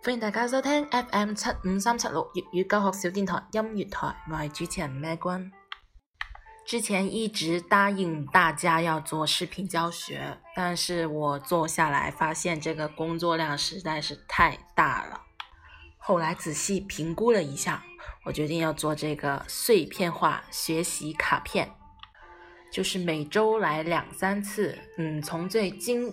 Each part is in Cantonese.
歡迎大家收聽 FM 七五三七六粵語教學小電台音樂台，我係主持人咩君。之前一直答應大家要做視頻教學，但是我做下來發現這個工作量實在是太大了。後來仔細評估了一下，我決定要做這個碎片化學習卡片，就是每周來兩三次，嗯，從最經。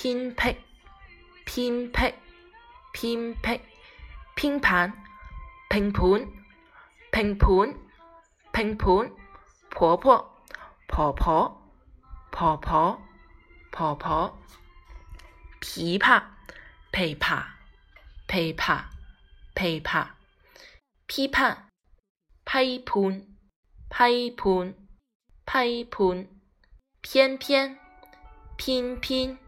偏僻、偏僻、偏僻、偏僻；拼盤、拼盤、拼盤、婆婆、婆婆、婆婆、婆婆；琵琶、琵琶、琵琶、琵琶；批判、批判怕、批判、批判；偏偏、偏偏。偏偏偏偏偏。